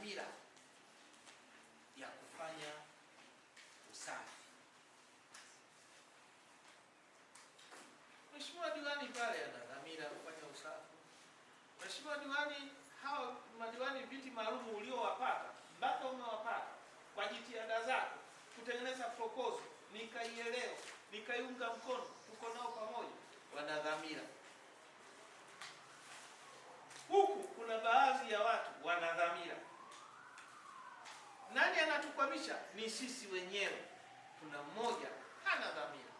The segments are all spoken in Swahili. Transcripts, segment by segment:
dhamira ya kufanya usafi. Mheshimiwa diwani pale ana dhamira ya kufanya usafi. Mheshimiwa diwani, hawa madiwani viti maalum uliowapata mpaka umewapata kwa jitihada zako kutengeneza proposal, nikaielewa nikaiunga mkono, tuko nao pamoja, wana dhamira kutukwamisha ni sisi wenyewe. Kuna mmoja hana dhamira,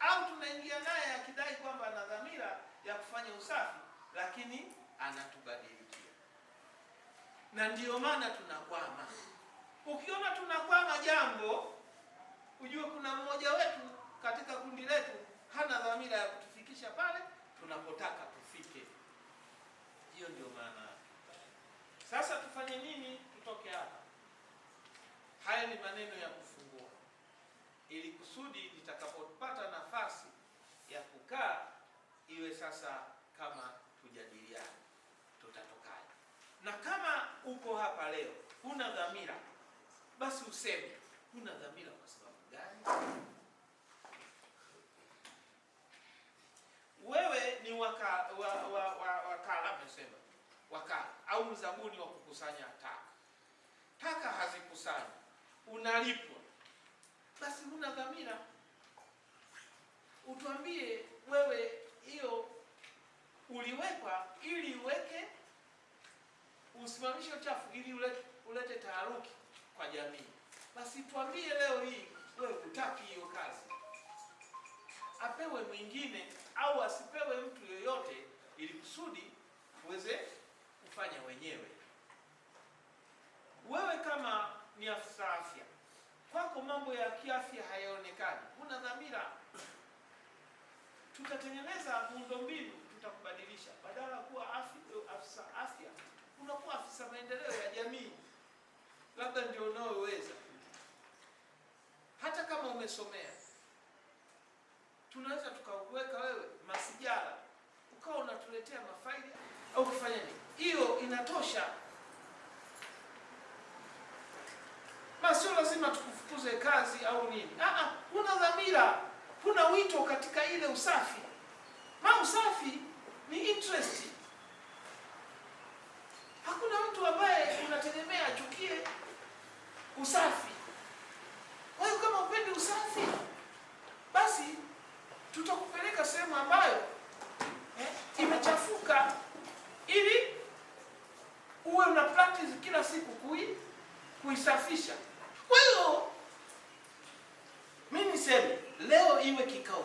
au tunaingia naye akidai kwamba ana dhamira ya kufanya usafi, lakini anatubadilikia, na ndiyo maana tunakwama. Ukiona tunakwama jambo, ujue kuna mmoja wetu katika kundi letu hana dhamira ya kutufikisha pale tunapotaka tufike. Hiyo ndio maana. Sasa tufanye nini? Tutoke hapa. Haya ni maneno ya kufungua, ili kusudi nitakapopata nafasi ya kukaa iwe sasa kama tujadiliane tutatokaje. Na kama uko hapa leo huna dhamira, basi useme huna dhamira kwa sababu gani? Wewe ni wakala wa, wa, wa, wakala amesema wakala au mzabuni wa kukusanya taka. Taka hazikusanyi unalipwa, basi huna dhamira. Utuambie wewe, hiyo uliwekwa ili uweke usimamishe uchafu, ili ulete, ulete taharuki kwa jamii. Basi tuambie leo hii, wewe hutaki hiyo kazi, apewe mwingine au asipewe mtu yoyote, ili kusudi uweze kufanya wenyewe. kwako mambo ya kiafya hayaonekani, huna dhamira, tutatengeneza muundombinu, tutakubadilisha. Badala ya kuwa afisa afya unakuwa afisa maendeleo ya jamii, labda ndio unaoweza, hata kama umesomea. Tunaweza tukakuweka wewe masijara, ukawa unatuletea mafaili au kufanya nini, hiyo inatosha. kazi au nini. Aa, ah, ah, kuna dhamira, kuna wito katika ile usafi. Ma usafi ni interest. Hakuna mtu ambaye unategemea achukie usafi. Wewe kama upendi usafi, basi tutakupeleka sehemu ambayo eh, imechafuka ili uwe una practice kila siku kui- kuisafisha.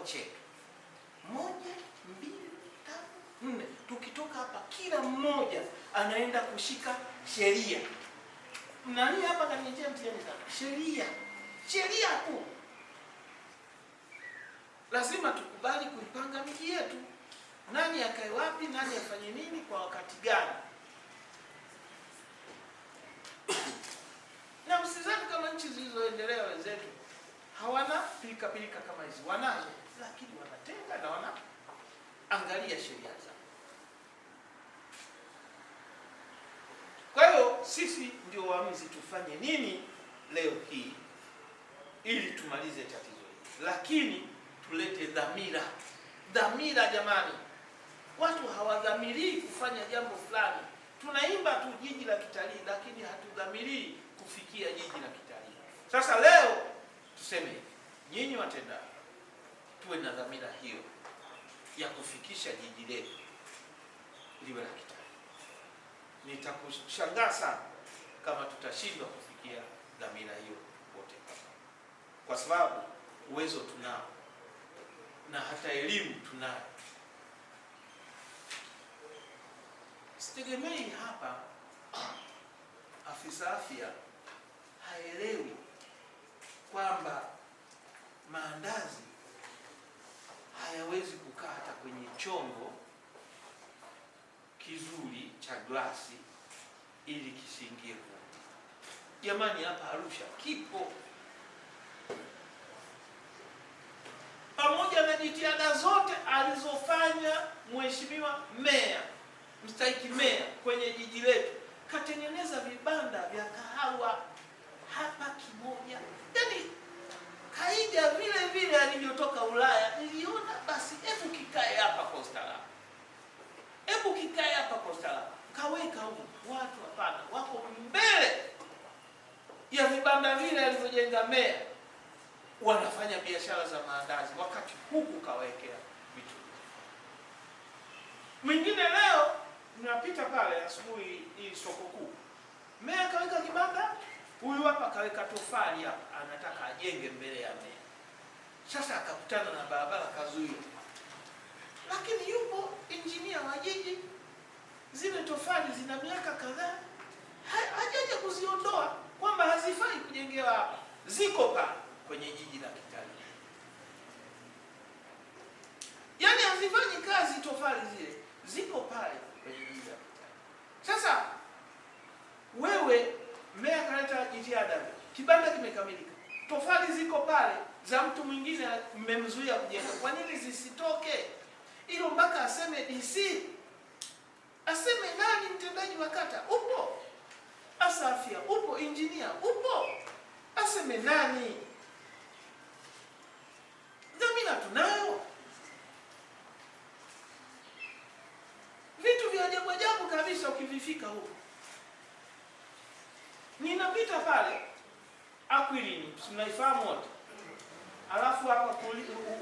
chetu moja, mbili, tano, nne. Tukitoka hapa kila mmoja anaenda kushika sheria. Nani hapa kanichia mtihani sana? Sheria, sheria tu. Lazima tukubali kuipanga miji yetu, nani akae wapi, nani afanye nini kwa wakati gani. na msizani kama nchi zilizoendelea wenzetu hawana pilika pilika kama hizi, wanazo lakini wanatenga na wanaangalia sheria zao. Kwa hiyo sisi ndio waamuzi, tufanye nini leo hii ili tumalize tatizo hili, lakini tulete dhamira. Dhamira jamani, watu hawadhamirii kufanya jambo fulani. Tunaimba tu jiji la kitalii, lakini hatudhamirii kufikia jiji la kitalii. Sasa leo hiyo ya kufikisha jiji letu liwe la kitaifa. Nitakushangaa sana kama tutashindwa kufikia dhamira hiyo wote, kwa sababu uwezo tunao na hata elimu tunayo. Sitegemei hapa afisa afya haelewi kwamba maandazi hayawezi kukaa hata kwenye chombo kizuri cha glasi ili kisiingie vumbi. Jamani, hapa Arusha kipo, pamoja na jitihada zote alizofanya mheshimiwa meya mstahiki meya kwenye jiji letu, katengeneza vibanda vya kahawa hapa kimoja kaida vile vile alivyotoka Ulaya, niliona basi, hebu kikae hapa kwa ustaarabu, hebu kikae hapa kwa ustaarabu. Kaweka huko watu hapana, wako mbele ya vibanda vile alivyojenga meya, wanafanya biashara za maandazi, wakati huku kawekea vitu mwingine. Leo napita pale asubuhi, hii soko kuu, meya kaweka kibanda Huyu hapa kaweka tofali hapa, anataka ajenge mbele ya meli. Sasa akakutana na barabara kazuia, lakini yupo injinia wa jiji, zile tofali zina miaka kadhaa, hajaje kuziondoa kwamba hazifai kujengewa hapa, ziko pale kwenye jiji la kitalii yaani hazifanyi kazi tofali zile, ziko pale kwenye jiji la kitalii. Sasa wewe kuleta jitihada. Kibanda kimekamilika, tofali ziko pale za mtu mwingine, mmemzuia kujenga. Kwa nini zisitoke? Hilo mpaka aseme DC, aseme nani, mtendaji wa kata upo, asafia upo, injinia upo, aseme nani, dhamina tunayo. Vitu vya ajabu ajabu kabisa ukivifika huko Mnapita pale Aquilini, mnaifahamu wote. Alafu hapa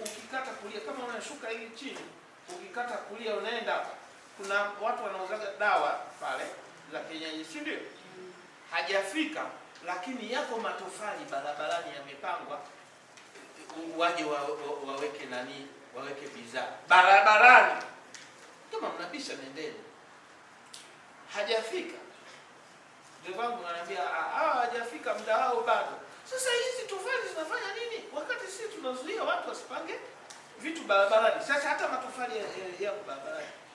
ukikata kulia kama unashuka hivi chini, ukikata kulia unaenda Kuna watu wanauzaga dawa pale za kienyeji, si ndio? Hajafika, lakini yako matofali barabarani yamepangwa waje wa, wa, waweke nani waweke bidhaa barabarani. Kama mnabisha, nendeni. Hajafika. Mdevangu ananiambia ah, ah, hawajafika muda wao bado. Sasa hizi tofali zinafanya nini wakati sisi tunazuia watu wasipange vitu barabarani? Sasa hata matofali yako ya, ya barabarani